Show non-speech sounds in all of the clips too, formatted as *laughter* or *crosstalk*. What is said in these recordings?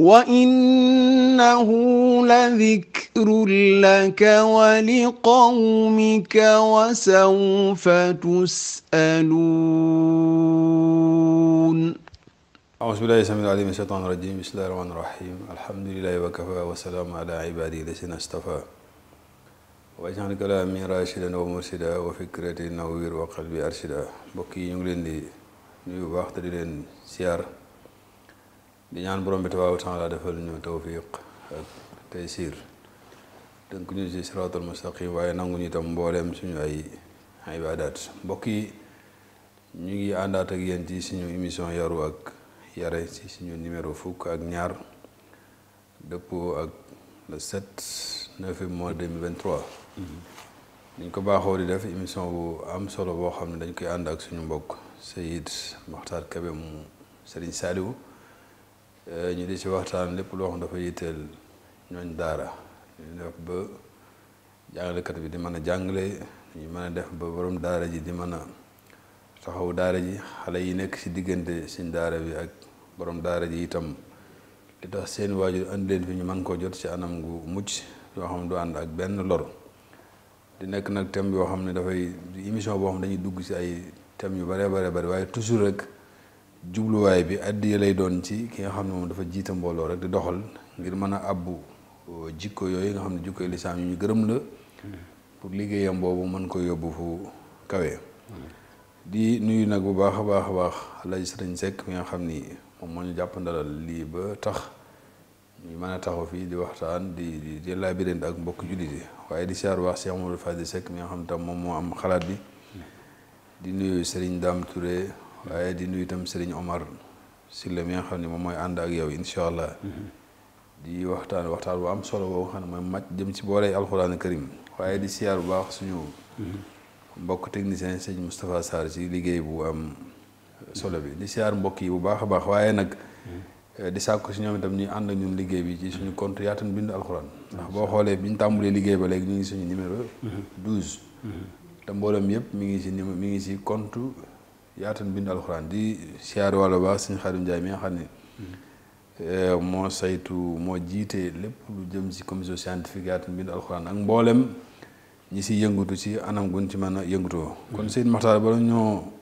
وإنه لذكر لك ولقومك وسوف تسألون أعوذ بالله السميع العليم من الشيطان الرجيم بسم الله الرحمن الرحيم الحمد لله وكفى وسلام على عباده الذين اصطفى واجعل كلامي راشدا ومرشدا وفكرتي نوير وقلبي أرشدا mbokk yi ñu ngi leen di nuyu bu baax te di leen siyaar di ñaan borom bi tabaaraka wa taala defal ñu tawfiq ak taysiir tënk ñu ci siraatul mustaqim waaye nangu ñu itam mbooleem suñu ay ibaadaat mbokk yi ñu ngi àndaat ak yéen ci suñu émission yaru ak yare ci suñu numéro fukk ak ñaar dëppoo ak le 7 9 mois 2023 dañ ko baaxoo di def émission bu am solo boo xam ne dañ koy ànd ak suñu mbokk Seyid Maxtaar Kebe mu Serigne Saliou ñu di si waxtaan lépp loo xam dafa yitteel ñooñ daara ñu def ba jàngalekat bi di mën a jàngale ñu mën a def ba borom daara ji di mën a taxaw daara ji xale yi nekk ci diggante seen daara bi ak borom daara ji itam li tax seen waajur andi leen fi ñu mën koo jot ci anam gu mucc yoo xam du ànd ak benn lor di nekk nag thème yoo xam ne dafay émission boo xam dañuy dugg ci ay thèmes yu bare bare bare waaye toujours rek jubluwaay bi addiya lay doon ci ki nga xam ne moom dafa jiita mbooloo rek di doxal ngir mën a abbu euh, jikko yooyu nga xam ne jikko lislaam yi ñu gërëm la pour liggéeyam boobu mën ko yóbbu fu kawe. di nuyu nag bu baax a baax a baax Alaaji Sëriñ Sekk mi nga xam ni moom moo ñu jàppandalal lii ba tax ñu mën a taxaw fii di waxtaan di di di laabirante ak mbokk jullit waaye di siyaar wax Cheikh Amadou Fadi Sekk mi nga xam tam moom moo am xalaat bi di nuyu Sëriñ Daam waaye di nuyu itam Serigne Omar Sylla mi nga xam moom mooy ànd ak yow incha allah. di waxtaan waxtaan bu am solo boo xam ne mooy màcc jëm ci booley alxuraan karim waaye di siyaar bu baax suñu. mbokk technicien sëñ Moustapha Sarr ci liggéey bu am solo bi di siyaar mbokk yi bu baax a baax waaye nag. Eh, di sàkku si ñoom itam ñuy ànd ak ñun liggéey bi ci suñu compte Yaatal Mbindum Alxuraan. ndax boo xoolee bi ñu tàmbalee liggéey ba léegi ñu ngi suñu numéro. 12. te mboolem yëpp mi ngi ci numéro mi ngi ci compte yaatan mbind alxuraan di siyaar walla baax suñu Xaadim Njaay mi nga xam ne eh, moo saytu moo jiite lépp lu jëm si commission scientifique yaatan bind alxuraan ak mboolem ñi si yëngatu si anam gun ci man a yëngatoo kon Sëñ Maxtaar bala ñoo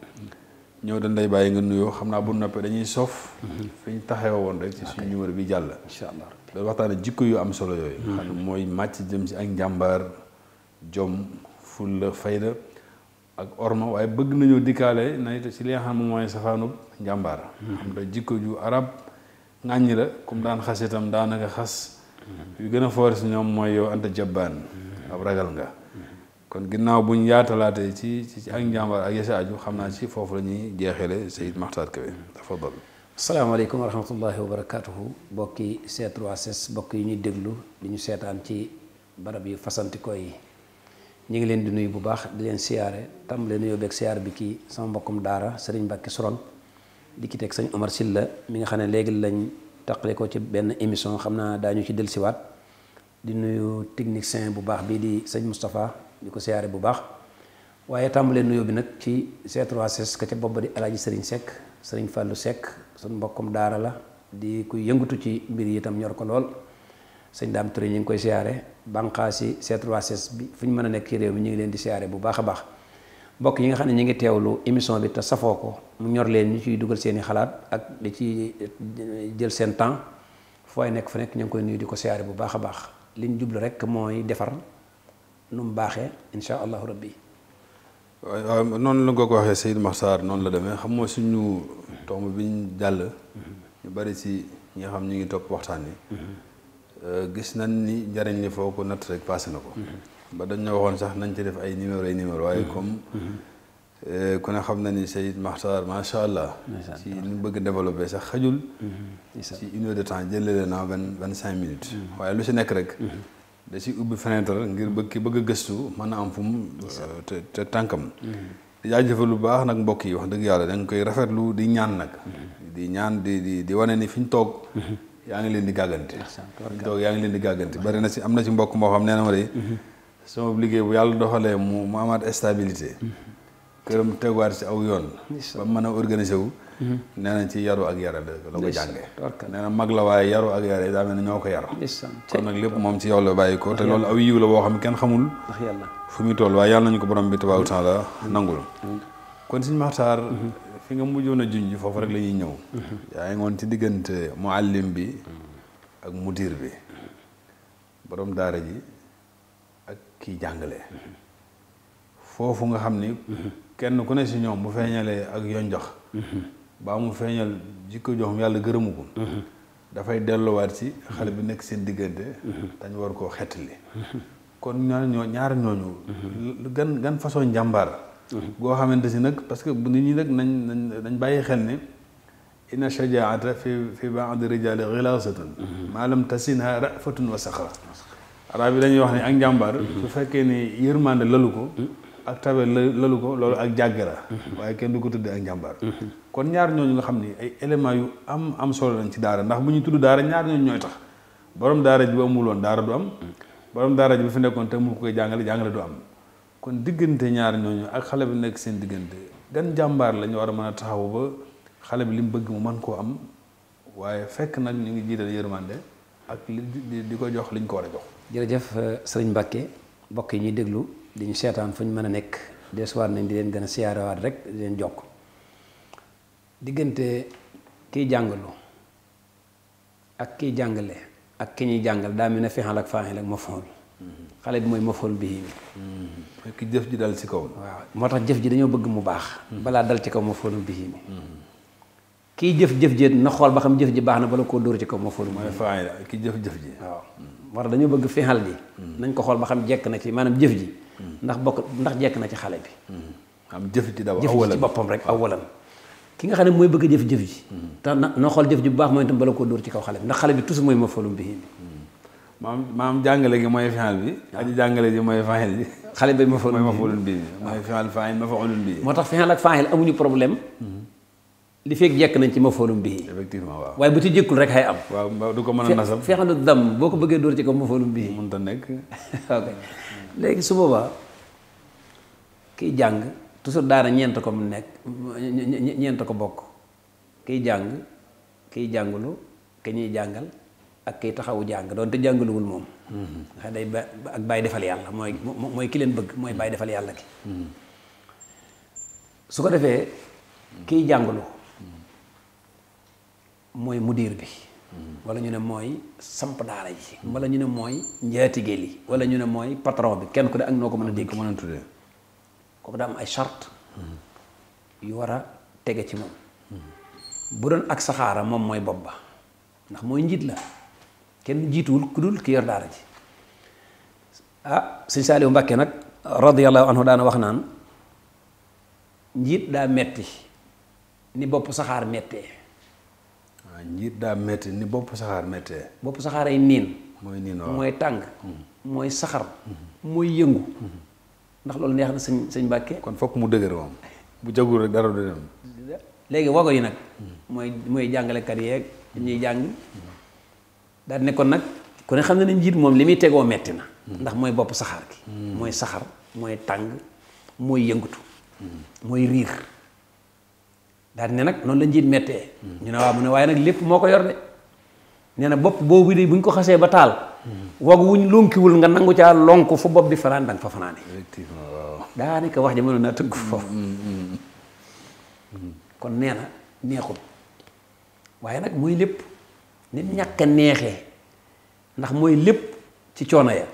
ñëw dañ lay bàyyi nga nuyoo xam naa bu noppee dañuy sof fi ñu taxew woon rek ci suñu numéro bi jàll incha allah dañ waxtaane jikko yu am solo yooyu hmm. xam ne mooy màcc jëm si ak njàmbaar jom fulla fayda ak orma waaye bëgg nañoo dikkaale na it ci li nga xam mooy safaanub njàmbaar xam nga jikko ju arab ŋàññi la comme daan xas itam daanaka xas yu gën a ñoom mooy yow anta jabbaan ab ragal nga kon ginnaaw buñ yaatalaatee ci ci ak njàmbaar ak yasa aju xam naa ci foofu la ñuy jeexele Seyid Maxtaar Kebe tafadal asalaamaaleykum wa rahmatullahi wa barakatuhu bokki C3S bokk yi ñuy déglu di ñu seetaan ci barab yu fasantikoo yi ñu ngi leen di nuyu bu baax di leen siyaare tàmbale nuyoo beeg siyaar bi ki sama mbokkum daara sëriñ Mbàkke Sorong di ki teg sëñ Omar Silla mi nga xam ne léegi lañ taqale ko ci benn émission xam naa daañu ci siwaat di nuyu technicien bu baax bii di sëñ Moustapha di ko siyaare bu baax waaye tàmbale nuyoo bi nag ci C3S ka ca bopp di Alaaji Sëriñ Seck sëriñ Fàllu Seck suñ mbokkum daara la di ku yëngatu ci mbir yi itam ñor ko lool sëñ Daam Touré ñu ngi koy siyaare banqaas yi C3S bi fu ñu mën a nekk ci réew mi ñu ngi leen di siyaare bu baax a baax mbokk yi nga xam ne ñu ngi teewlu émission bi te safoo ko mu ñor leen ñu ciy dugal seeni xalaat ak li ci eh, jël seen temps fooy nekk fu nekk ñu ngi koy nuyu di ko siyaare bu baax a baax liñ jublu rek mooy defar nu mu baaxee incha allahu rabbi waaw noonu la nga ko waxee Seydou Makhtar noonu la demee xam mooy suñu tomb bi ñu jàll. Mm-hmm. ñu bari si ñi xam ñu ngi topp waxtaan wi. Mm-hmm. Euh, gis nañ ni njariñ li foo ko natt rek passé na ko. ba dañ na waxoon sax nañ ci def ay numéro ay numéro waaye mhm. comme. Mhm. Euh, ku ne xam na ni Seyid Maxtaar macha allah. ci li bëgg développé sax xajul. Mhm. ci une de temps jëlee na vingt vingt cinq minutes. waaye lu si nekk rek. da si ubbi fenêtre ngir bëgg ki bëgg gëstu mën a am fu mu. Euh, te te tànkam. di jaajëfal lu baax nag mbokk yi wax dëgg yàlla danga nga koy rafetlu di ñaan nag. di ñaan di di di wane ni fi ñu toog. yaa ngi leen di gàggante toog yaa ngi leen di gàggante bari na ci am na ci mbokk moo xam nee ma de mm-hmm. sama liggéey bu yàlla doxalee mu mu amaat stabilité mm-hmm. këram teguwaat ci aw yoon ba mën a organiser wu mm-hmm. nee na ci yaru ak yara la ko jànge nee na mag la waaye yaru ak yara daa mel ne ñoo ko yar kon nag lépp moom ci yow la bàyyi ko te loolu aw yiw la boo xam kenn xamul fu muy toll waaye yàlla nañu ko borom bi tabaaraka taala nangul kon suñu maxtaar fi nga mujjoon a junj foofu rek la ñuy ñëw. Mhm. yaa ngoon ci diggante muallim bi mhm. ak mudir bi borom daara ji ak kii jàngale. Mhm. foofu nga xam ni. kenn ku ne si ñoom bu feeñalee ak yoon jox. baa mu feeñal jikko joxum yàlla gërëmu ko. dafay delluwaat ci xale bi nekk seen diggante. dañ war koo xettali. kon ñaar ñoo ñaar ñooñu. gan gan façon njàmbaar. goo xamante si nag parce que bu nit ñi nag nañ nañ nañ bàyyi xel ne inna shajaata fi fi baadi rijaali xilaasatun maa lam tasinha rafatun wa saxra arab yi dañuy wax ne ak njàmbaar su fekkee ne yërmande lalu ko ak tabe lalu ko loolu ak jàggara waaye kenn du ko tuddee ak njàmbaar kon ñaar ñooñu nga xam ni ay éléments yu am am solo lañ ci daara ndax bu ñu tudd daara ñaar ñooñu ñooy tax borom daara ji bu daara du am borom daara ji fi nekkoon te mu koy jàngale jàngale du am kon diggante ñaar ñooñu ak xale bi nekk seen diggante gan jàmbaar lañu war a mën a taxaw ba xale bi li bëgg mu mën koo am waaye fekk nag ñu ngi jiital yërmande ak li di ko jox liñ ko war a jox. jërëjëf euh, sëriñ Mbacke mbokk yi ñuy déglu di ñu seetaan fu ñu mën a nekk desuwaat nañ di leen gën a siyaarewaat rek di leen jokk diggante kiy jàngalu ak kiy jàngale ak ki ñuy jàngal daa mel ne fexeel ak faaxeel ak ma foon xale bi mooy mafool bii mi hmm. ki jëf ji dal ci kaw moo tax jëf ji dañoo bëgg mu baax balaa dal ci kaw mafool bii mi kii jëf-jëf ji na xool ba xam jëf ji baax na bala koo dóor ci kaw mafool mooy faay kii jëf ji waaw moo dañoo bëgg fixal ji nañ ko xool ba xam jekk na ci maanaam jëf ji ndax bokk ndax jekk na ci xale bi am jëf ji daw jëf ji ci boppam rek awalan ki nga xam ne mooy bëgg jëf-jëf ji te na xool jëf ji bu baax mooy itam bala koo dóor ci kaw xale bi ndax xale bi toujours mooy mafool bii mi maam maam jàngale gi mooy final bi ah. aji jàngale ji mooy final bi xale bi ma faulun bi mooy final fail ma faulun bi moo tax final ak fail amuñu problème mhm. li fekk jekk nañ ci ma faulun bi effectivement waaw waaye bu ci jékkul rek xay am waaw du ko mën a nasab fi'lu dam boo ko bëggee dóor ci ko ma faulun bi mën ta nekk *laughs* ok léegi su boobaa kiy jàng toujours daara ñeent ko mu nekk ñeent ko bokk kiy jàng kiy jàngulu ki ñuy jàngal ak kiy taxawu jàng doon te jàngaluwul moom. ndax day ba ak bàyyi defal yàlla mooy mooy ki leen bëgg mooy bàyyi defal yàlla ki su ko defee kiy jàngalu mooy mudir bi. wala ñu ne mooy samp daara ji. wala ñu ne mooy njaatige li wala ñu ne mooy patron bi kenn ku ne ak noo ko mën a dégg. mën a tuddee kooku daa am ay charte yu war a tege ci moom. bu doon ak saxaara moom mooy bopp ba ndax mooy njiit la. kenn jiituwul ku dul ki yor daara ji ah sëñ Saaliw Mbàkke nag radiyallahu anhu daana wax naan njiit daa metti ni bopp saxaar mettee ah, njiit daa metti ni bopp saxaar mettee bopp saxaar niin mooy niin waaw mooy tàng hmm. mooy saxar hmm. mooy yëngu hmm. ndax loolu neex na sëñ sëñ Mbàkke kon fokk mu dëgër moom bu jagul rek dara du dem léegi wago yi nag mooy mooy jàngalekat yeeg ñuy jàng daal ne kon nag kon xam ne na njiit moom li muy tegoo metti na mm. ndax mooy bopp saxaar gi mm. mooy saxar mooy tàng mooy yëngatu mm. mooy riir daa ne nag noonu la njiit mettee ñu ne waaw mu ne waaye nag lépp moo ko yor de nee na bopp boobu de bu ñu ko xasee ba taal wag wuñ lonkiwul nga nangu caa lonk fu bopp bi fanaan danga fa fanaane effectivement waaw wax ji mënoon naa tëgg foofu kon nee na neexul waaye nag mooy lépp ni ñàkk a neexee ndax mooy lépp ci coono ya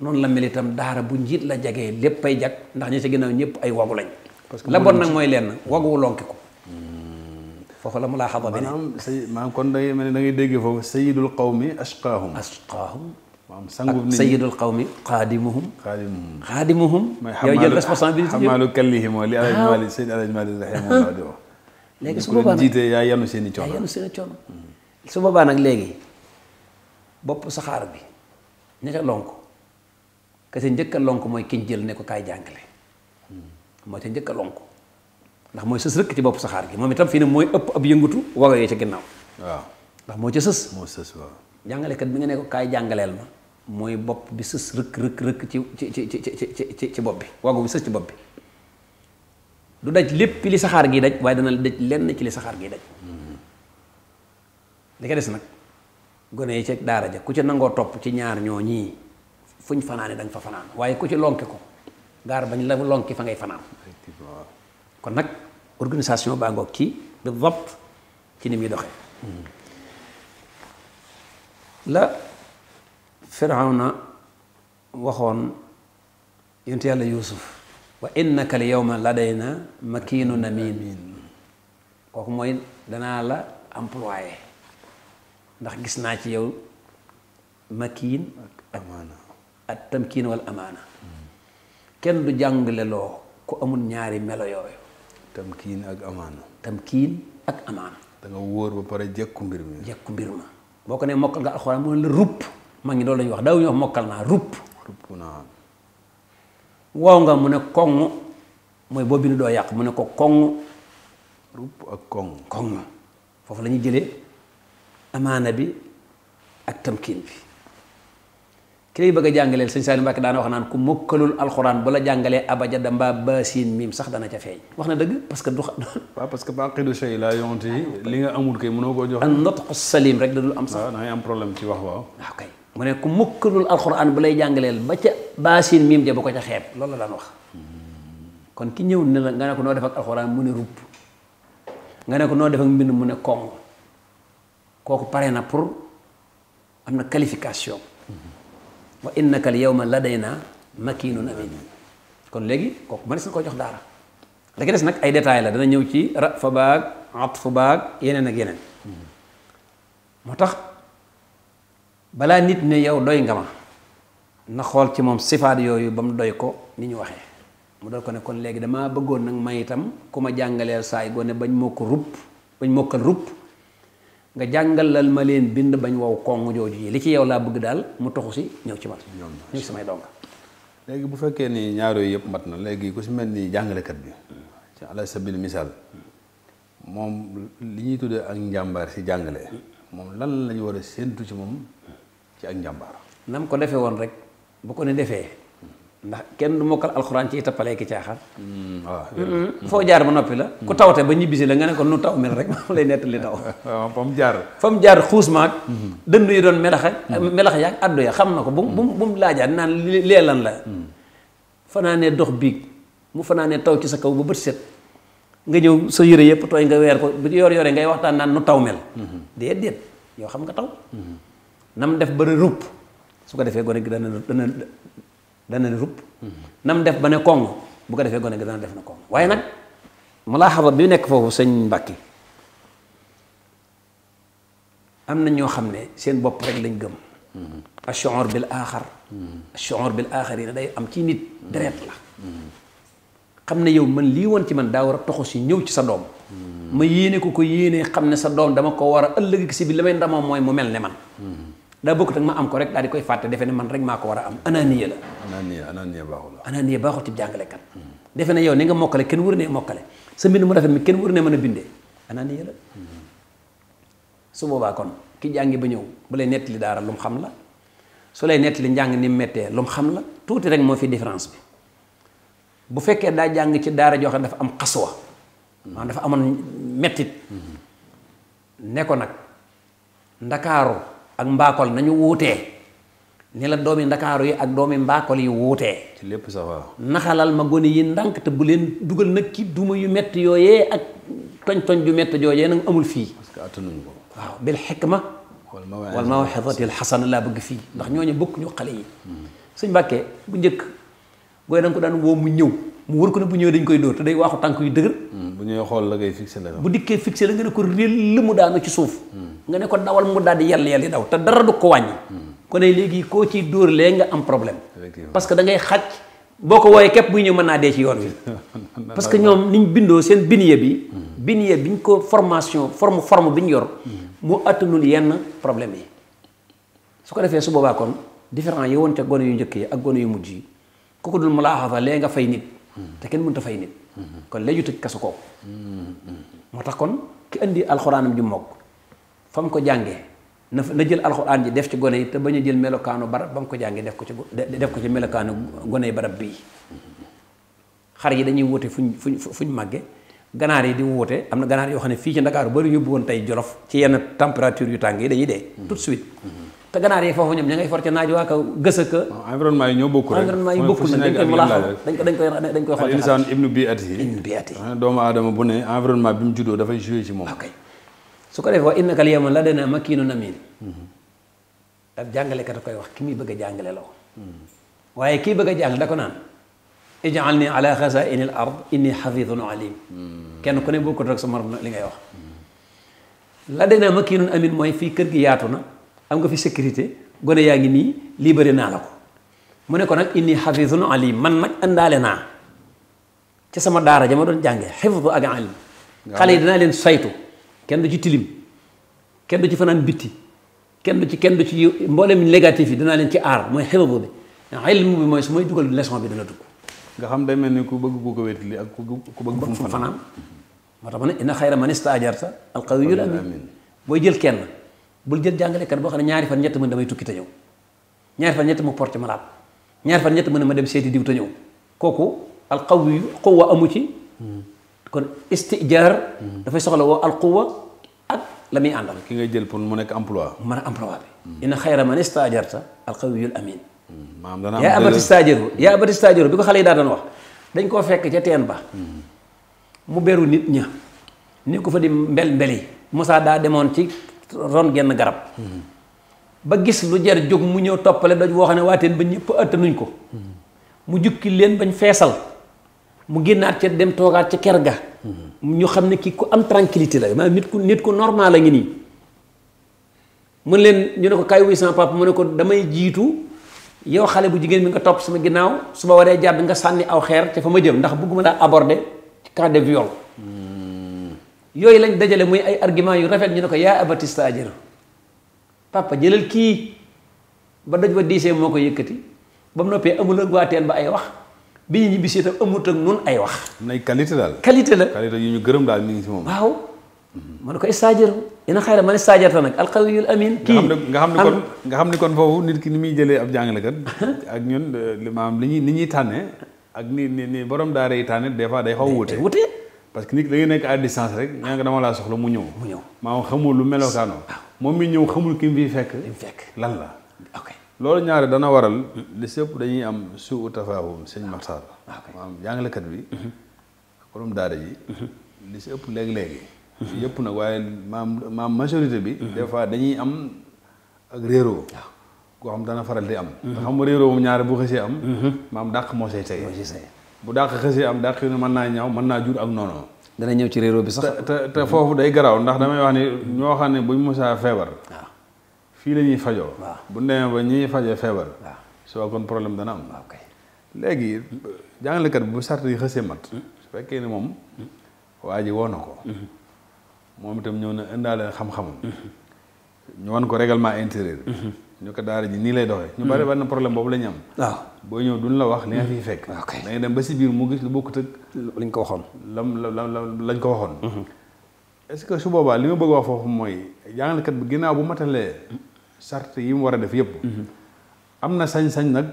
noonu la mel itam daara bu njiit la jagee lépp ay jag ndax ñu ci ginnaaw ñëpp ay wagu lañ. parce que la bon nag mooy lenn wagu lonki ko. Hmm. foofu la mu laa xam ne maanaam say maanaam kon da ngay ne da dégg foofu sayidul qawmi ashqaahum. ashqaahum. maanaam sangu nit ñi sayidul qawmi xaadimuhum. xaadimuhum xaadimuhum. yow xamaalu kallihim li Alaaji Maalik Seydi Alaaji Maalik rahimahullah di wax *laughs* léegi su boobaa nag jiite yaa yanu seen i coono yaa yanu seen coono. Hmm. su boobaa nag léegi bopp saxaar bi ña ca lonk njëkk a mooy kiñ jël ne kaay jàngale hmm. mooy njëkk a ndax mooy sës rëkk ci bopp saxaar gi moom itam fii ne mooy ëpp ab yëngutu waga yee ginnaaw waaw ndax moo ca sës moo sës waaw bi nga ne jàngaleel ma mooy bopp bi sës rëkk rëkk rëkk ci ci ci ci ci bopp bi wago bi sës ci bopp bi du daj lépp li saxaar gii daj waaye dana daj lenn ci li saxaar gi daj li ko des nag gone yi ca daara ja ku ci nangoo topp ci ñaar ñoo fuñ fanaane da nga fa fanaan waaye ku ci lonke ko gaar bañ la lonki fa ngay fanaan kon nag organisation baa ngoog ci bi vopt ci ni muy doxee la firawna waxoon yonent yàlla yuusuf wa innaka li yawma na makiinun amiin kooku mooy danaa la employé ndax gis naa ci yow makiin ak ak tamkiin wal amaana kenn du jàngale loo ku amul ñaari melo yooyu tamkiin ak amaana tamkiin ak amaana da nga wóor ba pare jekku mbir mi jekku mbir ma boo ko ne mokkal nga alxuraan mu ne rupp mag ñi loolu lañuy wax daawuñu wax mokkal naa rupp rupp nga mu ne koŋ mooy boo bind doo yàq mu ne ko koŋ rupp ak koŋ koŋ foofu la ñuy amaana bi ak tamkiin bi ki lay bëgg a jàngaleel sëñ Saliou Mbacke daana wax naan ku mokkalul alxuraan bu la jàngalee abajada mbaa baasiin miim sax dana ca wax na dëgg parce que du *laughs* parce que baaqidu shay laa yonti li nga amul kay mënoo koo jox. rek da dul am sax. waaw da wax waaw. waaw ah, kay mu ne ku mokkalul alxuraan bu lay jàngaleel ba ca baasiin miim ja bu ko ca xeeb loolu la daan wax kon ki ñëw ne la nga ne ko noo def ak alxuraan mu ne rupp nga ne ko noo defak ak mbind mu ne koŋ. kooku pare na pour am na qualification wa innaka al yawma ladayna makinun amin kon léegi kooku mënees na koo jox daara léegi des nag ay détails la dana ñëw ci rafa baag atf baag yeneen ak yeneen moo tax balaa nit ne yow doy nga ma na xool ci moom sifaat yooyu ba mu doy ko ni ñu waxee mu doy ko ne kon léegi damaa bëggoon nag may itam ku ma jàngaleel saay gone bañ moo ko rupp bañ mokkal rupp nga jàngalal ma leen bind bañ wow koŋŋ jooju yi li ci yow laa bëgg daal mu toxu si ñëw ci man ñëw samay donga léegi bu fekkee ni ñaar yooyu yëpp mat na léegi ku si mel ni jàngalekat bi ci ala sabil misaal moom li ñuy tuddee ak njàmbaar si jàngale moom lan lañu war a séentu ci moom ci ak njàmbaar nam ko defee woon rek bu ko ne defee ndax kenn du mokkal alxuraan ci tappalee ki caaxaan. Mm, waaw foo jaar ba noppi la. Mm. ku tawte ba ñibbisi la nga ne ko nu taw mel rek *laughs* moom lay nettali taw. waaw mu jaar. fa jaar xuus maag. Mm-hmm. dënd yi melax ak. Mm-hmm. melax xam na ko. bu mu bu mu laajaat naan lee lan la. Mm-hmm. fanaanee dox biig mu fanaanee taw ci sa kaw ba bët set. nga ñëw sa yëre yëpp tooy nga weer ko bu yor yore ngay waxtaan naan nu taw mel. déet déet yoo xam nga taw. nam def ba rupp su ko defee gone gi dana dana. dana ne rupp nam def ba ne kong bu ko defee gone gi dana def na kong waaye nag mulaaxaba bi nekk foofu sëñ Mbàkke am na ñoo xam ne seen bopp rek lañ gëm ash-shu'ur bil aaxar ash-shu'ur bil aaxar yi day am ci nit deret ne yow man lii woon ci man daa a toxu si ñëw ci sa doom ma yéene ko ko yéene xam ne sa doom dama ko war a ëllëg si bi la may ndamoo mooy mu mel ne man daa bokk tak ma am ko rek daal di koy fàtte defe ne man rek maa ko war a am ananiya la ananiya ananiya baaxul ananiya baaxul ci defe ne yow ni nga mokkale kenn wër ne mokkale sa mbind mu rafet mi kenn wër ne mën a bindee ananiya la su boobaa kon ki jàngi ba ñëw bu lay nettali daara lu mu xam la su lay nettali njàng ni mettee méttee lu mu xam la tuuti rek moo fi différence bi bu fekkee daa jàng ci daara joo dafa am xaswa maanaam dafa amoon mettit ne nag ndakaaru ak mbaakol nañu wuutee ni la doomi ndakaaru yi ak doomi mbaakol yi wuutee lépp sax naxalal ma gone yi ndànk te bu leen dugal nag ci duma yu metti yooyee ak toñ toñ ju metti joojee nag amul fii parce que attanuñu ko waaw bil xikma wal mawxidatil xasana laa bëgg fii ndax ñooñu bokk ñu xale yi hmm. suñ mbàkkee bu njëkk booy da ko daan woo mu ñëw mu wër ko ne bu ñëw dañ koy dóor te day waaxu tànk yu dëgër hmm, bu ñëwee xool la ngay fixé la bu dikkee fixé la nga ne ko réel mu daanu ci suuf nga ne ko dawal mu daal di yàlla yàlla daw te dara du ko wàññi hmm. kon ne léegi koo ciy dóor lee nga am problème parce que da ngay xaj boo ko wooyee képp buy ñëw mën naa dee ci yoon bi *laughs* parce que ñoom niñ bindoo seen biniye bi hmm. biniye biñ ko formation forme form bi ñu yor moo attanul yenn problème yi su ko defee su boobaa kon différent yi woon gone yu njëkk yi ak gone yu mujj yi ku ko dul mulaaxasa lee nga fay nit te kenn mënut a fay nit kon lee ju tëj kaso kooku moo tax kon ki indi alxuraanam ju mokk fa mu ko jànge na na jël alxuraan ji def ci gone yi te ba ñu jël melokaanu barab ba mu ko jànge def ko ci def ko ci melokaanu gone yi barab bii xar yi dañuy woote fuñ fuñ fuñ màggee ganaar yi di woote am na ganaar yoo xam ne fii ci Ndakaaru bari yóbbu woon tey Jolof ci yenn température yu tàng yi dañuy dee tout suite te ganaar yi foofu ñoom ña ngay for ca naaj waa ka gës a ka environnement yi ñoo bokkul rek environnement yi bokkul nag dañ koy mulaaxa dañ ko dañ koy dañ koy xool insaan ibnu biat yi ibnu biat yi ah, doomu aadama bu ne environnement bi mu juddoo dafay joué ci moom ok su ko defee wax innaka al yawma ladaynaa makiinun amiin ab jàngalekat a koy wax ki muy bëgg a jàngale la waaye kii bëgg a jàng da ko naan ij'alnii alaa xazaa'ini al ard innii xafiidun aliim kenn ku ne bokkut rek sa morom li ngay wax ladaynaa makiinun amiin mooy fii kër gi yaatu na am nga fi sécurité gone yaa ngi nii lii libéré naa la ko mu ne ko nag indi inni xafizun alim man nag indaale naa ca sama daara jama doon jànge xifdu ak alim yi dinaa leen saytu kenn du ci tilim kenn ci fanaan bitti kenn ci kenn du ci mboolem négatif yi dinaa leen ci aar mooy xifdu bi ilm bi mooy su may dugal leçon bi dana dugg nga xam day mel ni ku bëgg ku ko wétali ak ku bëgg fu mu fanaan moo tax ma ne inna xayra man istaajarta alqawiyul amin booy jël kenn bul jël jàngalekat boo xam ne ñaari fan ñett mën damay tukki te ñëw ñaari fan ñett mu porte malade ñaari fan ñett mën ma dem seeti diw te ñëw kooku al qawiyu quwwa amu ci kon istijaar dafay soxla woo al quwwa ak la muy àndal ki ngay jël pour mu nekk emploi mën a emploi bi inna xayra man istaajarta al qawiyul amin maam danaa yaa abati staajaru yaa abati staajaru bi ko xale yi daa doon wax dañ koo fekk ca teen ba mu beru nit ña ni ko fa di mbel mbeli Moussa daa demoon ci ron genn garab ba gis lu jar jóg mu ñëw toppale dañ woo xam ne waateen ba ñëpp attanuñ ko mu jukki leen bañ feesal mu génnaat ca dem toogaat ci ker ga ñu xam ne kii ku am tranquillité la maanaam nit nit ku normal la ngi nii mun leen ñu ne ko kaay wuy sama papa mu ne ko damay jiitu yow xale bu jigéen bi nga topp sama ginnaaw su ma waree jàdd nga sànni aw xeer ca fa ma jëm ndax bëgguma laa aborder ci cas de viol yooyu lañ dajale muy ay argument yu rafet ñu ne ko yaa abati staajir papa jëlal kii ba doj ba diisee moo ko yëkkati ba mu noppee amul ak ba ay wax bi ñu ñibbisee tam amut ak nun ay wax. am ay qualité daal. qualité la qualité yu ñu gërëm daal mi ngi si moom. waaw ma ne ko staajir ina xayra man staajir ta nag alqawiyul amin. kii nga xam ne kon nga xam ne kon foofu nit ki ni muy jëlee ab jàngale jàngalekat *laughs* ak ñun maanaam li ñuy ni ñuy tànnee ak ni ni borom daara yi tànnee des fois day xaw a wute. parce que nit da ngay nekk à distance rek ñaa nga dama laa soxla mu ñëw. mu ñëw maanaam xamul lu melokaanoo. Ah. moom mi ñëw xamul ki mu fi fekk. fekk lan la. ok loolu ñaare dana waral. li sëpp dañuy am suu tafaahum sëñ Maxtaar. ok maanaam jàngalekat bi. Mhm. borom daara ëpp mhm. léegi-léegi. Mhm. nag waaye maam maam majorité bi. des fois dañuy am ak réeroo. Ah. koo xam dana faral di am. nga xam réeroo moom ñaare bu xësee am. maam dàq moo say tege. bu dàq xësee am dàq yi mën naa ñaaw mën naa jur ak noonu. dana ñëw ci réeróo bi sax. te te foofu day garaaw ndax damay wax ni ñoo xam ne bu ñu musaa feebar. fii lañuy fajoo. waaw bu demee ba ñi fajee feebar. waaw soo kon problème dana am. ok léegi jàngalekat bu sart yi xësee mat. Mm. su fekkee ni moom waa ji woon na ko. Mm-hmm. moom itam ñëw na indaale xam-xamam. Mm-hmm. ñu wan ko régalement intérieur. ñu ko daara ji nii lay doxee. ñu bari hmm. bari na problème boobu la am. waaw ah. booy ñëw duñ la wax li nga fiy hmm. fekk. da ngay dem ba si biir mu gis lu bokkut ak. lañ ko waxoon. lam lam lañ ko waxoon. est-ce que su boobaa li ma bëgg wax foofu mooy jàngalekat bi ginnaaw bu matalee sart yi mu war a def yëpp. Hmm. na sañ-sañ nag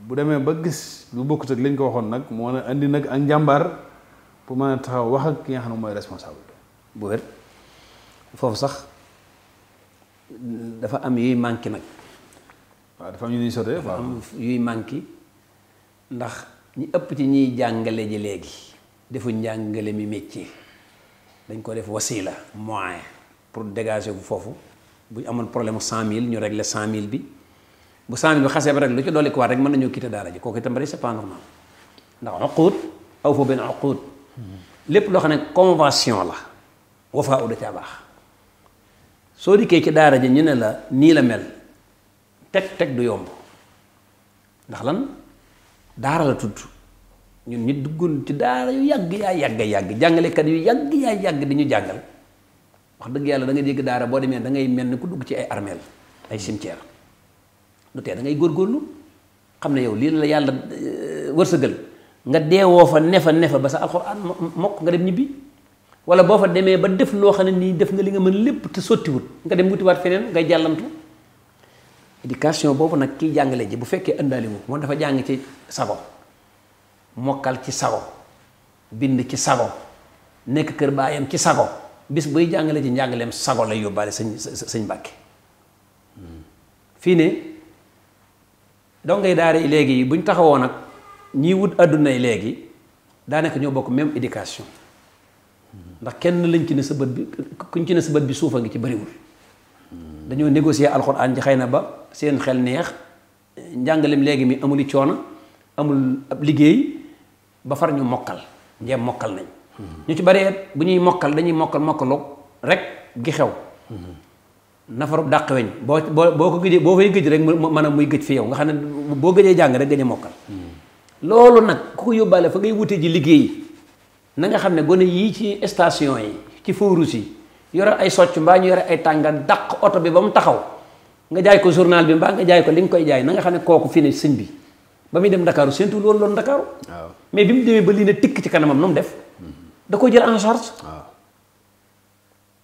bu demee ba gis lu bokkut ak lañ ko waxoon nag moo na andi nag ak njàmbaar pour mën a taxaw wax ak ki nga xam ne mooy responsable. bu wér foofu sax dafa am yuy manqué nag. waaw dafa am yu yuy manqué ndax ñi ëpp ci ñiy jàngale ji léegi defu njàngale mi métier dañ ko def wasila moyen pour dégager bu foofu bu ñu amoon problème cent mille ñu régler cent mille bi bu cent mille bi xasee ba rek lu ci dolli ko waat rek mën nañoo quitter daara ji kooku itam bari c'est pas normal ndax uquud aw foofu benn uquud lépp loo xam ne convention la wafaa uda caa baax soo dikkee ci daara ji ñu ne la nii la mel. teg teg du yomb ndax lan daara la tudd ñun ñu duggoon ci daara yu yàgg yaa yàgg yàgg jàngalekat yu yàgg yaa yàgg di ñu jàngal wax dëgg yàlla da nga dégg daara boo demee da ngay mel ni ku dugg ci ay armeel ay cimetière lu tee da ngay góorlu xam ne yow lii la yàlla euh, wërsëgal nga deewoo fa nefa nefa ba sa alxuraan mokk nga dem ñibbi wala boo fa demee ba def loo xam ne nii def nga li nga mën lépp te sottiwut nga dem wutiwaat feneen ngay jàllantu éducation boobu nag kiy jàngale ji bu fekkee ëndaali wu moom dafa jàng ci sago mokkal ci sago bind ci sago nekk kër baayam ci sago bis buy jàngale ci njàngaleem sago lay yóbbaale sañ sañ Mbàkke fii ne dongay daara yi léegi bu ñu taxawoo nag ñiy wut àdduna yi léegi daanaka ñoo bokk même éducation ndax kenn lañ ci ne sa bët bi kuñ ci ne sa bët bi suufa ngi ci bariwul dañoo négocier alxuraan ji xëy na ba seen xel neex njàngalem léegi mi amuli coono amul ab liggéey ba far ñu mokkal njeem mokkal nañ mm-hmm. ñu ci bareet bu ñuy mokkal dañuy mokkal mokkaloog rek gi xew mm-hmm. nafarub dàq weñ boo boo boo ko gëjee boo fay gëj rek maanaam muy gëj fi yow nga xam ne boo gëjee jàng rek gëj a mokkal mm-hmm. loolu nag ku ko yóbbaale fa ngay wute ji liggéey na nga xam ne gone yii ci station yi ci fóorus yi yore ay socc mbaa ñu yore ay tàngal dàq oto bi ba mu taxaw nga jaay ko journal bi mbaa nga jaay ko li nga koy jaay nanga xam ne kooku fi ne sëñ bi ba muy dem Dakar séntu loolu loon Dakar. mais bi mu demee ba lii ne tikk ci kanamam nu mu def. Mhm. da ko jël en charge.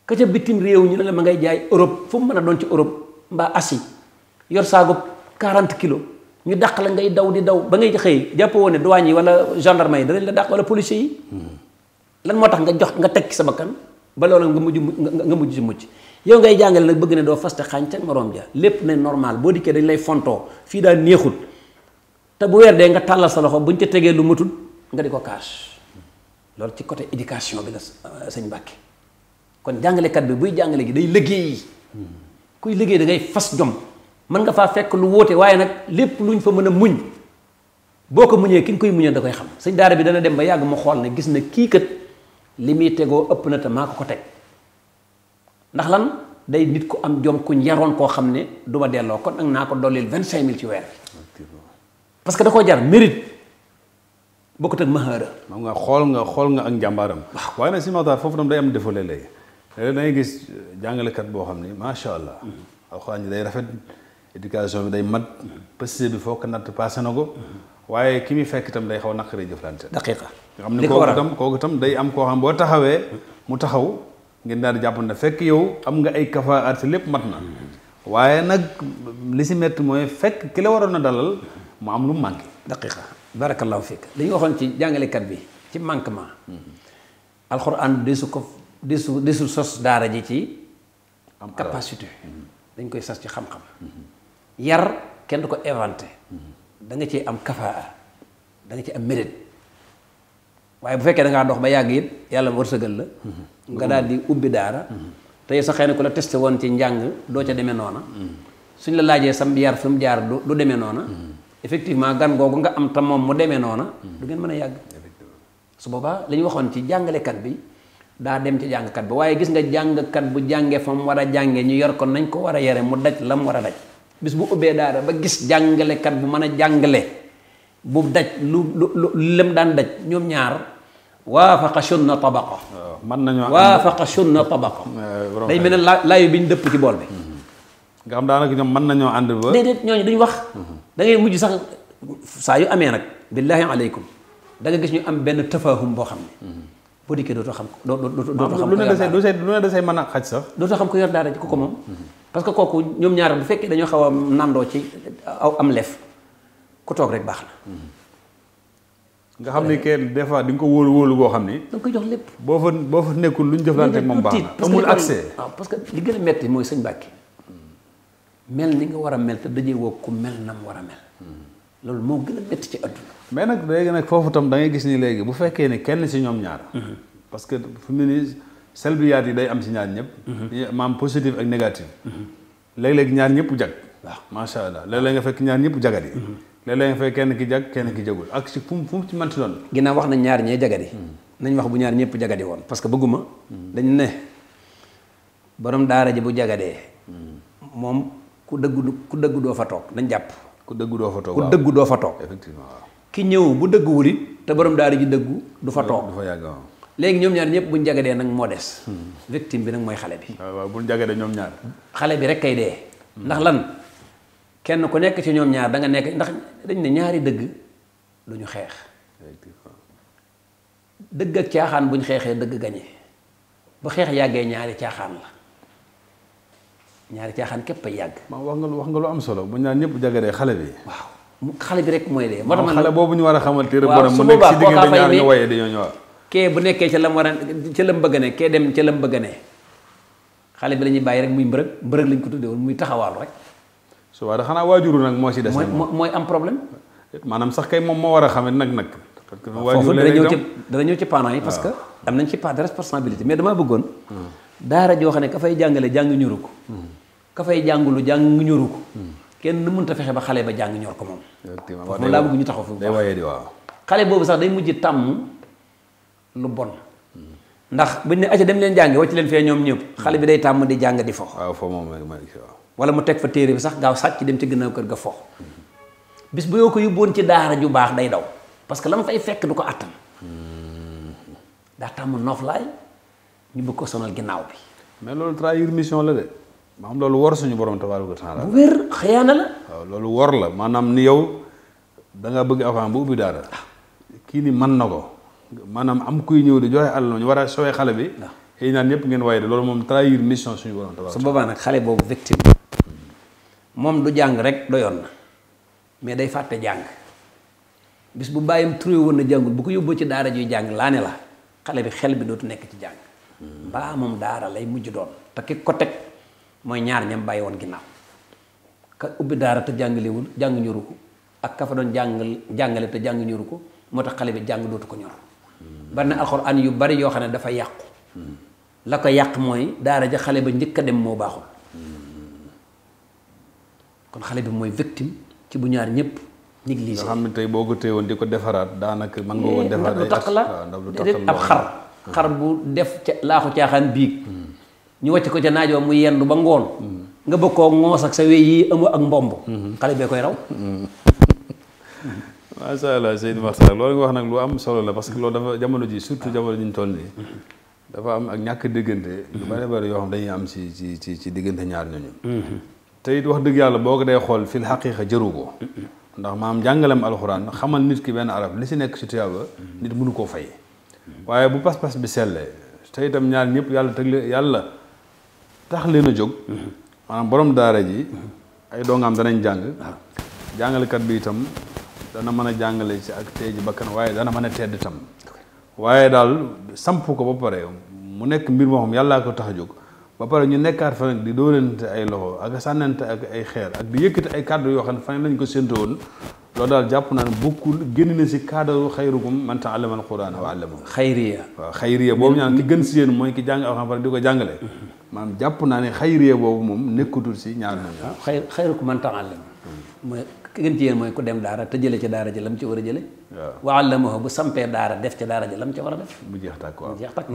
ka ca bitim réew ñu ne la ma ngay jaay Europe fu mu mën a doon ci Europe mbaa Asie yor saagu quarante kilos ñu dàq la ngay daw di daw ba ngay xëy jàpp woon ne douane yi wala gendarme yi danañ la dàq wala policier mhm. lan moo tax nga jox nga teg ci sa bakkan ba loolu nga mujj nga mujj ci mucc yow ngay jàngale nag bëgg ne doo faste xaañ te moroom ja lépp ne normal boo dikkee dañ lay fontoo fii daal neexut te bu weer dee nga tàllal sa loxo buñ ca tegee lu matul nga di ko kaas loolu ci côté éducation bi la euh, sëñ Mbàkke kon jàngalekat bi buy jàngale gi day liggéey kuy liggéey da ngay fas jom mën nga faa fekk lu wóote waaye nag lépp lu ñu fa mën a muñ boo ko muñee ki nga koy muñee da koy xam sëñ daara bi dana dem ba yàgg mu xool ne gis na kii kat li muy tegoo ëpp na te maa ko ko teg ndax lan day nit ko am jom kuñ yaroon koo xam ne du ma delloo kon ak naa ko dollil vingt cinq mille ci weer parce que da koo jar mérite bokkut ak mahaara moom nga xool nga xool nga ak njàmbaaram waaye nag si Maxtaar foofu tam day am defo léeg-léeg dangay gis jàngalekat boo xam ne macha allah mm-hmm. alxuraan ji day rafet éducation bi day mat passé bi foo ko natt na ko mm-hmm. waaye ki muy fekk itam day xaw naqaree jëflante daqiqa nga xam ne kooku tam kooku tam day am koo xam boo taxawee mu taxaw ngeen daal di jàpp na fekk yow am nga ay kafaar si lépp mat na waaye nag li si metti mooy fekk ki la waroon na dalal mu am lu mu manqué daqiqa barakallahu fiik li ñu waxoon ci jàngalekat bi ci manquement mm-hmm. alxuraan desu ko desu desu sos daara ji ci capacité mm-hmm. dañ koy sas ci xam-xam yar kenn du ko inventé da nga cee am kafaa danga ci am mérite waaye bu fekkee da ngaa dox ba yàgg it yàlla sa wërsëgal la mm-hmm. nga daal di ubbi daara mm-hmm. tey sax xëy na ku la testé woon ci njàng doo ca demee noona mm-hmm. suñ la laajee sam yar fi mu jaar du demee noona effectivement gan googu nga am tam moom mu demee noona du ngeen mën a yàgg su boobaa li waxoon ci jàngalekat bi daa dem ci jàngkat bi waaye gis nga jàngkat bu jàngee fa mu war a jàngee ñu yar ko nañ ko war a yare mu daj la mu war a daj bis bu ubbee daara ba gis jàngalekat bu mën a jàngale bu daj lu lu lu lem daan daj ñoom ñaar waafaqa sunna tabaqa mën nañoo waafaqa sunna tabaqa eh, day mel ne la laayu bi ñu dëpp ci bool bi mm-hmm. nga xam daanaka ñoom mën nañoo ànd ba ñooñu dañu wax mm-hmm. da ngay mujj sax saa yu amee nag billaahi aleykum da nga gis ñu am benn tafahum boo xam ne mm-hmm. boo dikkee dootoo xam ko dootoo xam ko a xaj dootoo xam ko yor daara ji ku ko moom parce que kooku ñoom ñaar bu fekkee dañoo xaw a nandoo ci aw am lef ku toog rek baax na. nga xam ni kenn des fois di nga ko wóolu wóolu boo xam ni. da ko jox lépp. boo fa boo fa nekkul lu ñu jëflante ak moom baax na amul parce que li gën a metti mooy sañ Mbàkke mel ni nga war a mel te dajee woo ku mel na war a mel. loolu moo gën a métti ci àdduna. mais nag léegi nag foofu tom da ngay gis ni léegi bu fekkee ne kenn ci ñoom ñaar. Mm-hmm. parce que mu nii salbiyaat yi day am ci ñaar ñëpp. Mhm. maam positif ak négatif. Mhm. léeg-léeg ñaar ñëpp jag. waaw macha allah léeg-léeg nga fekk ñaar ñëpp jagat yi. Mhm. léeg nga fekk kenn ki jag kenn ki jagul ak si fu mu fu mu ci mënti doon. ginnaaw wax na ñaar ñee jagat yi. nañ wax bu ñaar ñëpp jagat yi woon parce que bëgguma. dañ ne borom daara ji bu jagadee. moom ku dëgg dëggu ku dëgg doo fa toog dañ jàpp. ku dëggu doo fa toog dëggu doo fa toog. effectivement ki ñëw bu dëgg it te borom daara ji dëggu du fa toog du fa yàgg léegi ñoom ñaar ñëpp buñ jagadee nag moo des victime bi nag mooy xale bi waaw waaw buñ jagadee ñoom ñaar xale bi rek kay dee ndax lan kenn ku nekk ci ñoom ñaar danga nekk ndax dañ ne ñaari dëgg du ñu xeex dëgg ak caaxaan buñ xeexee dëgg gañe bu xeex yàggee ñaari caaxaan la ñaari caaxaan képp ay yàgg. ma wax nga lu wax nga lu am solo bu ñu naan ñëpp jagadee xale bi. waaw xale bi rek mooy dee. moo tax man xale boobu ñu war a xamal téere borom a nekk ci diggante ñaar dañoo ñëwaat. kee bu nekkee ca lam war a ca lam bëgg ne kee dem ca lam bëgg ne xale bi la bàyyi rek muy mbërëg mbërëg lañ ko tuddee woon muy taxawaalu rek. suba da xanaa waajuru moo si des. mooy maanaam sax moom moo war a xamee nag nag. foofu dana ñëw ci dana ñëw ci parents yi parce que am nañ ci part de responsabilité mais damaa bëggoon. Hmm. daara joo xam ne ka jàngale jàng ñoru ko. Hmm. ka fay jàngulu jàng ñoru ko. Hmm. kenn mënut a fexe ba xale ba jàng ñor ko moom. effectivement foofu ñu taxaw foofu. day waaye waaw. xale boobu sax day mujj tàmm. lu bon ndax buñ ne acca dem leen jàngi wacc leen fee ñoom ñëpp xale bi day tàmm di jàng di fo waaw fo moom wala mu teg fa téere bi sax gaaw sàcc dem ci a kër ga fo bis bu yoo ko yóbboon ci daara ju baax day daw parce que la mu fay fekk du ko àttan daa tàmm noflaay ñu bëgg ko sonal ginnaaw bi mais loolu trahir mission la de maanaam loolu wor suñu borom tabaaraka taala bu wér xëyaana la waaw loolu wor la maanaam ni yow da nga bëgg avant bu ubbi daara ah. kii man na ko maanaam am kuy ñëw di joxe àll ñu war a sowee xale bi. xëy naan ñëpp ngeen waaye de loolu moom trahir mission suñu borom tabax. su boobaa nag xale boobu victime moom du jàng rek doyoon na mais day fàtte jàng bis bu bàyyam turé woon na jàngul bu ko yóbboo ci daara juy jàng laa ne la xale bi xel bi dootu nekk ci jàng. mbaa moom daara lay mujj doon te ki ko teg mooy ñaar ñam bàyyi woon ginnaaw ka ubbi daara te jàngalewul jàng ñoru ko ak ka doon jàngal jàngale te jàng ñoru ko moo tax xale bi jàng dootu ko ñor. bari na alxuraan yu bari yoo xam ne dafa yàqu la ko yàq mooy daara ja xale ba njëkk a dem moo baaxul kon xale bi mooy victime ci bu ñaar ñëpp négligé nga xam ne tey boo ko téye woon di ko defaraat daanaka mën nga woon defaraat lu tax la ab xar xar bu def ca laaxu caaxaan biig ñu ko ca naajoo mu yendu ba ngoon nga bëgg koo ngoos ak sa wéy yi ëmb ak mbomb mm-hmm. xale bee koy raw mm-hmm. macha allah Seydou Makhtar loolu nga wax nag lu am solo la parce que loolu dafa jamono ji surtout jamono ji ñu toll nii dafa am ak ñàkk déggante lu bari bari yoo xam dañuy am ci ci ci ci diggante ñaar ñooñu te wax dëgg yàlla boo ko dee xool fil xaqiqa jëru ko ndax maam jàngalem alxuraan xamal nit ki benn arab li si nekk ci tuyaaba nit mënu koo fay waaye bu pas-pas bi sellee te itam ñaar ñëpp yàlla teg leen yàlla tax leen a jóg maanaam borom daara ji ay am danañ jàng ah. jàngalekat bi itam dana mën a jàngale si ak tey ji bakkan waaye dana mën a tedd tam waaye daal samp ko ba pare mu nekk mbir moo xam yàllaa ko tax a jóg ba pare ñu nekkaat fa nag di dóorante ay loxo ak sànnante ak ay xeer ak di yëkkati ay kàddu yoo xam ne fan lañ ko séntu woon loolu daal jàpp naa ne bokkul génn na si cadre xayrukum man ta'allama al-Qur'ana wa 'allamahu xayriya waaw xayriya boobu ñaan ki gën si yéen mooy ki jàng alxuraan pare di ko jàngale maanaam jàpp naa ne xayriya boobu moom nekkatul si ñaar ñoom xayrukum man ta'allama mooy ki gën ci yéen mooy ku dem daara te jële ci daara ji lam ci war a jële wa allamahu bu sampee daara def ci daara ji lam ci war a def jeex tàkk waaw mu jeex tàkk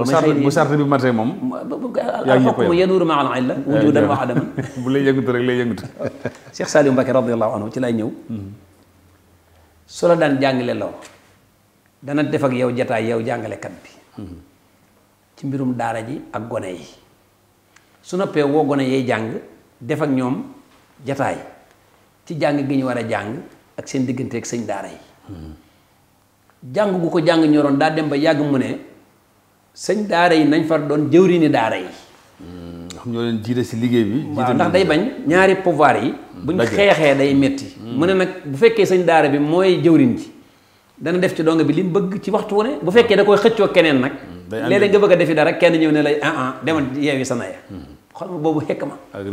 bu sart bi matee moom alxukmu yaduuru maa al illa wujudan wa adaman *laughs* bu lay yëngatu rek lay yëngatu *laughs* Cheikh Saliou Mbacké radiallahu anhu ci lay ñëw mm-hmm. su la daan jàngale loo dana def ak yow jataay yow jàngalekat bi mm-hmm. ci mbirum daara ji ak gone yi su noppee woo gone yay jàng defak ñoom jataay ci jàng gi ñu war a jàng ak seen diggante ak sëñ daara yi jàng gu ko jàng ñoroon daa dem ba yàgg mu ne sëñ daara yi nañ far doon jëwriñi daara yi hmm, ñoo leen si liggéey bi waaw ndax day bañ ñaari pouvoir yi buñ xeexee day metti hmm. mu ne nag bu fekkee sëñ daara bi mooy jëwriñ ji dana def ci donga bi li mu bëgg ci waxtu wu ne bu fekkee da koy xëccoo keneen nag hmm, léeg-léeg nga bëgg a defi dara kenn ñëw ne lay ah ah demal yeewi sana ya xool ma boobu xekk ma ak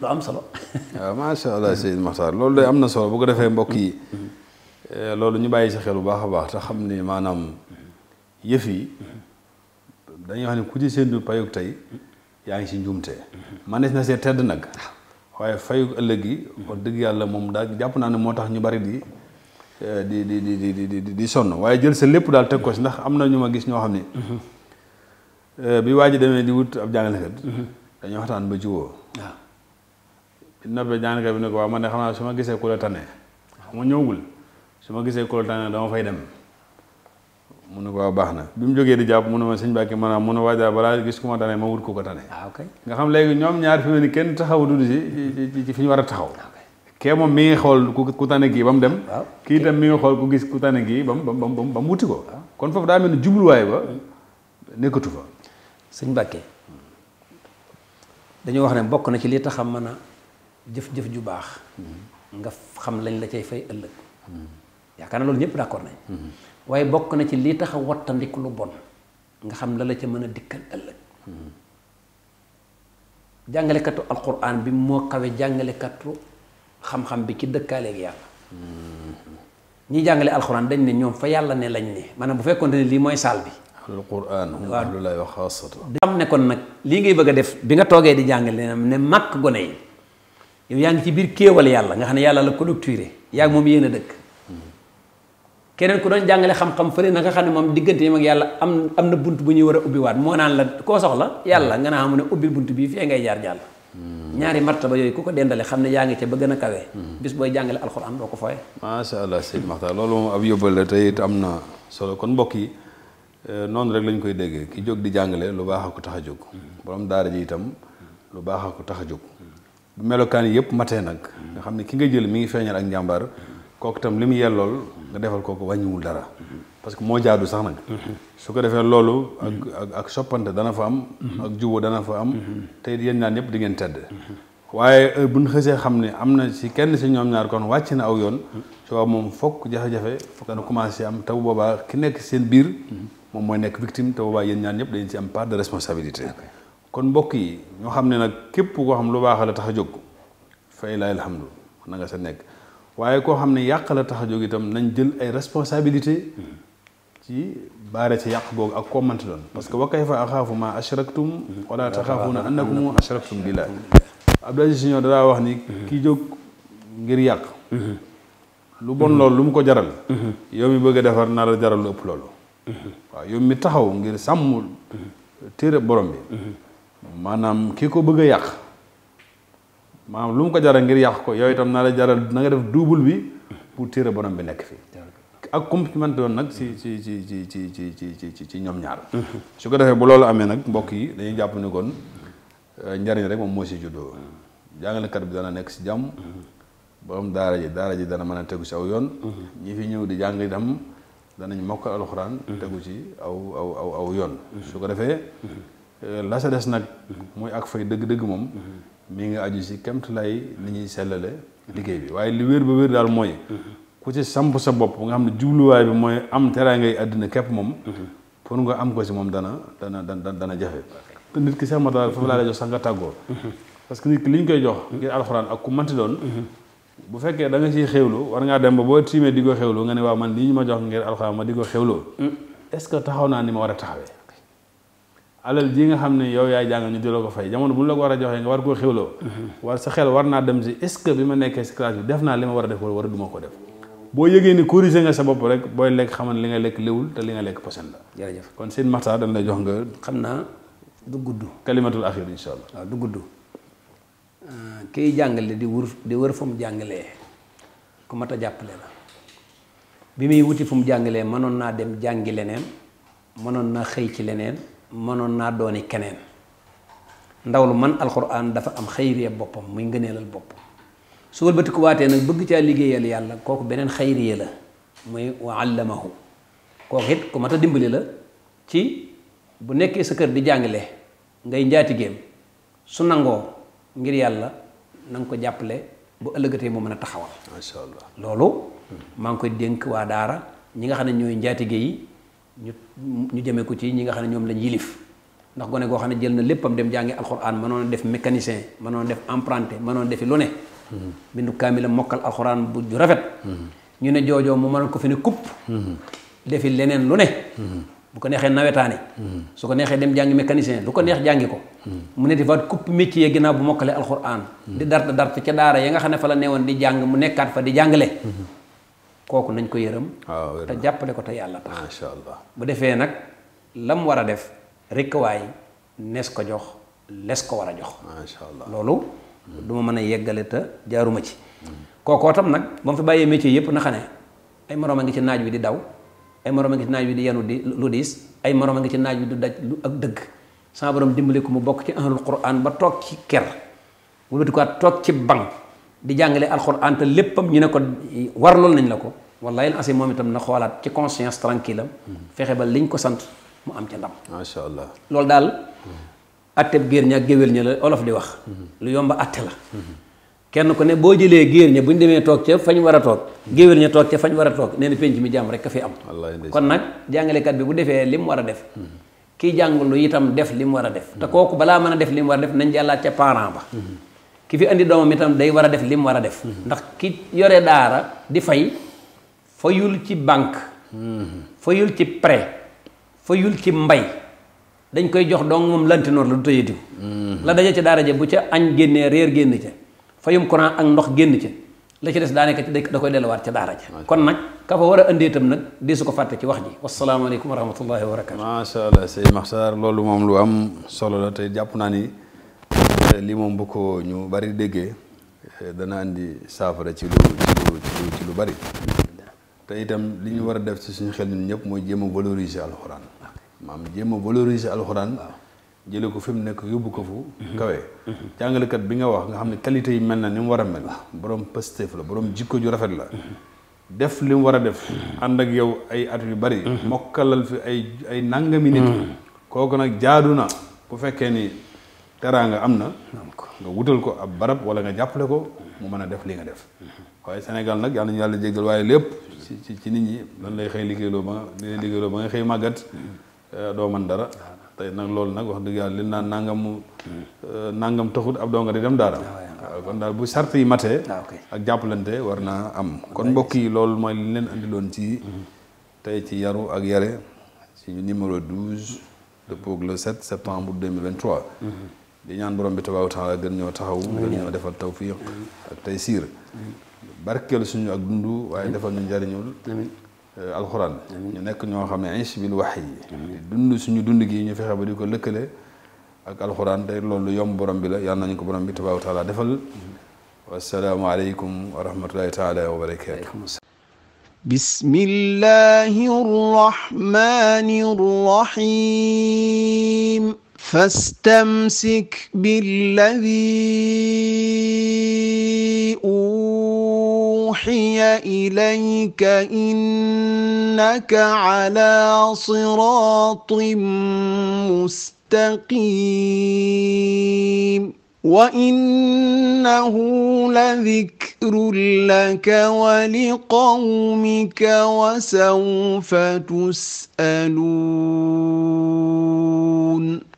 lu am solo. waaw ah, macha allah Seydou Makhtar loolu day am na solo bu ko defee mbokk yi eh, loolu ñu bàyyi si xel bu baax a baax te xam ni maanaam yëf yi dañuy wax ne ku ci séntu payug tey yaa ngi si njuumte. manees na see tedd nag waaye fayug ëllëg yi wax dëgg yàlla moom daal jàpp naa ne moo tax ñu bari eh, di di di di di di di sonn waaye jël sa lépp daal teg ko si ndax am na ñu ma gis ñoo xam ni. Eh, bi waa ji demee di wut ab jàngalekat. dañoo waxtaan ba jiwoo. noppee ñaankat bi ne ko waaw man de xam naa su ma gisee ku la tane xam nga ñëwagul su ma gisee ku la tane dama fay dem mun ne ko baax na bi mu jógee di jàpp mu ne ma sëñ Mbàkke man mu ne waajal balaa gis ku ma tane ma wut ku ko tane ah, nga xam léegi ñoom ñaar fi mu kenn taxaw dund si fi ñu war a taxaw ah, kee moom mi ngi xool ku tane kii ba mu dem kii itam mi xool ku gis ku tane kii ba mu ba mu ba mu wuti ko ah. kon foofu daa mel ni nekkatu fa siñ Mbàkke dañoo wax ne bokk na ci lii taxam mën a jëf-jëf ju baax mm-hmm. nga xam lañ la cay fay ëllëg mm-hmm. yaakaar na loolu ñëpp d'accord nañ mm-hmm. waaye bokk na ci lii tax a lu bon nga xam la la ca mën a dikkal ëllëg jàngalekatu alquran bi moo kawe jàngalekatu xam-xam bi ci dëkkaaleeg yàlla ñi jàngale alquran dañ ne ñoom fa yàlla ne lañ ne maanaam bu fekkoon ne lii mooy saal bi alquran ne kon nag lii ngay bëgg def bi nga toogee di jàngale ne mag gone yi yow yaa ngi ci biir kéewal yàlla nga xam ne yàlla la clôturé yaa ngi moom yéen dëkk keneen ku doon jàngale xam-xam fële na nga xam ne moom diggante yi mag yàlla am am na bunt bu ñuy war a ubbi waat moo naan la koo soxla yàlla nga naa mu ne ubbil bunt bii fii ngay jaar jàll hmm. ñaari martaba yooyu ku ko dendale xam ne yaa ngi ca ba gën a kawee hmm. bis booy jàngale alxuraan doo ko fooye macha allah sëñ Maxtaar loolu moom ab yóbbal la tey am na solo kon mbokk yi eh, noonu rek lañ koy déggee ki jóg di jàngale lu baax a ko tax a jóg hmm. borom daara ji itam lu baax ko tax a jóg melokaan yëpp matee nag nga xam ne ki nga jël mi ngi feeñal ak njàmbaar kooku tam li mu yellool nga defal kooku wàññiwul dara parce que moo jaadu sax nag su ko defee loolu ak ak ak soppante dana fa am ak jubóo dana fa am te yéen ñaan ñëpp di ngeen tedd waaye euh, bu nu xësee xam ne am na si kenn si ñoom ñaar kon wàcc na aw yoon su waa moom fokk jafe-jafe dana commencé am te bu boobaa ki nekk seen biir moom mooy nekk victime te boobaa yéen ñaan ñëpp dañu ci am part de responsabilité kon mbokk yi ñoo xam ne nag képp koo xam lu baax la tax a jóg fa ilahi alhamdu na nga sa nekk waaye koo xam ne yàq la tax a jóg itam nañ jël ay responsabilité ci baare ci yàq googu ak kommante doon parce que wa kayfa axaafu ma ashraktum wala taxaafuuna annakum ashraktum billahi Abdou Aziz Junior danaa wax ni kii jóg ngir yàq lu bon lool lu mu ko jaral yow mi bëgg a defar nar a jaral lu ëpp loolu waaw yow mi taxaw ngir sàmm téere borom bi maanaam kii ko bëgg yàq maanaam lu mu ko jaral ngir yàq ko yow itam naa la jaral na nga def double bi pour tiire borom bi nekk fii ak compliment doon nag ci ci ci ci ci ci ci ci ci ñoom ñaar mhm. su ko defee bu loolu amee nag mbokk yi dañuy jàpp ni kon euh, njariñ rek moom moo si juddoo jàngalekat bi dana nekk si jàmm mhm. borom daara ji daara ji dana mën a tegu si aw yoon mhm. ñi fi ñëw di jàng itam danañ mokk alxuraan tegu ci aw aw aw aw yoon su ko defee Euh, la sa des nag mooy ak fay dëgg-dëgg moom mi nga aju si kemt lay li ñuy sellale liggéey bi waaye lu wér ba wér daal mooy ku ci samp sa bopp nga xam ne jubluwaay bi mooy am teraa ngay àddina képp moom pour nga am ko si moom dana dana dana dana jafe te nit ki sax ma daal foofu laa lay jox sax nga tàggoo parce que nit ki li ñu koy jox ngir alxuraan ak ku manti doon bu fekkee da nga ciy xewlu war ngaa dem ba boo tiimee di ko xewlu nga ne waaw man lii ñu ma jox ngir alxuraan ma di ko xewloo est-ce que taxaw naa ni ma war a taxawee alal ji nga xam ne yow yaay jàng ñu di la ko fay jamono bu ñu la ko war a joxee nga war koo xewloo mhm. war sa xel war naa dem si est-ce que bi ma nekkee si classe bi def naa li ma war a def war a du ma ko def boo yëgee ni corrigé nga sa bopp rek booy lekk xaman li nga lekk léwul te li nga lekk posen la jërëjëf kon seen maxtaa dañ lay jox nga xam naa du gudd kalimatul axir insha allah waaw du gudd euh, kiy jàngale di wër di wër fu mu jàngalee ku mat a jàppale la bi muy wuti fu mu jàngalee mënoon naa dem jàngi leneen mënoon naa xëy ci leneen mënoon naa dooni keneen ndaw lu man alxuraan dafa am xayriya boppam muy ngëneelal bopp su wëlbatikuwaatee nag bëgg caa liggéeyal yàlla kooku beneen xayriya la muy wa allamahu kooku it ku mat a dimbali la ci bu nekkee sa kër di jàngale ngay njaatigeem su nangoo ngir yàlla na ko jàppale bu ëllëgatee mu mën a taxawal. loolu maa ngi koy dénk waa daara ñi nga xam ne ñooy njaatige yi. ñu ñu jëmee ko ci ñi nga xam ne ñoom lañ yilif ndax gone goo xam ne jël na léppam dem jàngi alxuraan mënoon def mécanicien mënoon def emprunté mënoon defi lu ne mm-hmm. bindu kaamila mokkal alxuraan bu ju rafet mm-hmm. ñu ne joojoo mu mënoon ko fi ne kupp mm-hmm. defi leneen lu ne bu ko neexee nawetaane su ko neexee dem jàngi mécanicien lu ko neex jàngi ko mu ne defaat kupp métier ginnaaw bu mokkale alxuraan di dart dart ca daara ya nga xam ne fa la newoon di jàng mu nekkaat fa di jàngale kooku nañ ko yërëm ah, te jàppale ko te yàlla tax macha allah bu defee nag lam war a def rikkawaay nes ko jox les ko war a jox macha loolu hmm. du ma mën a yeggale te jaaruma ci kookoo tam nag ba mu fi bàyyee métier yëpp na xane ay moroom a ngi ci naaj wi di daw ay moroom a ngi ci naaj wi di yenu di lu diis ay moroom a ngi ci naaj wi du daj lu ak dëgg sama borom dimbali ko mu bokk ci ahlul quran ba toog ci ker wëlbatikuwaat toog ci banc di jàngale alquran te léppam ñu ne ko nañ la ko wallaay la moom itam na xoolaat ci conscience tranquille am fexe ba liñ ko sant mu am ca ndam. macha allah loolu daal. atteb géer ña ak géwél ña la olof di wax. lu yomba atte la. kenn ku ne boo jëlee géer ña bu ñu demee toog ca fañ war a toog. géwél ña toog ca fañ war a toog nee na penc mi jàmm rek ka fi am. kon nag jàngalekat bi bu defee li mu war a def. kiy jàngulu itam def li mu war a def. te kooku balaa mën a def li war a def nañ jàllaat ca parent ba. ki fi indi doomam itam day war a def li mu war a def. ndax ki yore daara di fay. fayul ci banque fayul ci prêt fayul ci mbay dañ koy jox dong moom lantinoor la du tëjatiku la daje ca daara ja bu ca añ génnee réer génn ca fayum courant ak ndox génn ca la ci des daanaka ci da koy delluwaat ca daara ja kon nag ka fa war a indee nag di ko fàtte ci wax ji wasalaamaaleykum wa rahmatullahi wa barakatu macha allah sëñ Maxtaar loolu moom lu am solo la te jàpp naa ni eh, li moom bu ko ñu bari déggee eh, dana andi saafara ci lu ci lu ci lu bari te itam li ñu war a def ci suñu xel ñun ñëpp mooy jéem a valoriser alxuraan maam jéema a valoriser alxuraan jële ko fi mu nekk yóbbu ko fu kawe jàngalekat bi nga wax nga xam ne qualité yi mel na ni mu war a mel borom positif la borom jikko ju rafet la def li mu war a def ànd ak yow ay at yu bari mokkalal fi ay ay nàngami nit kooku nag jaadu na bu fekkee ni teraanga am na nga wutal ko ab barab wala nga jàppale ko mu mën a def li nga def waaye Sénégal nag yàlla ñu yàlla jéggal waaye lépp ci ci nit ñi lan lay xëy liggéeyloo ba nga li lay liggéeyloo ba nga xëy màggat euh, doo man dara tey nag loolu nag wax dëgg yàlla li naan nangamu euh, nangam taxut ab doo nga di dem daara ah, kon daal bu sart yi matee ah, ak jàppalante war naa am kon mbokk yi loolu mooy li leen andiloon ci mm-hmm. tey ci yaru ak yare ci numéro 12 dëppoo ak le 7 septembre 2023 mm-hmm. di ñaan borom bi tabaaraka taala gën ñoo taxaw ñoo defal tawfiq ak tey siir barkeel suñu ak dund waaye defal ñu njariñul euh, alxuraan ñu nekk ñoo xam ne ish bil wax yi dund suñu dund gi ñu fexe ba di ko lëkkale ak alxuraan te loolu yomb borom bi la yàlla nañu ko borom bi tabaaraka wa taala defal wasalaamualeykum wa rahmatullahi taala wa barakaatu bismillahi rahmani rahim fastamsik billadi أوحي إليك إنك على صراط مستقيم وإنه لذكر لك ولقومك وسوف تسألون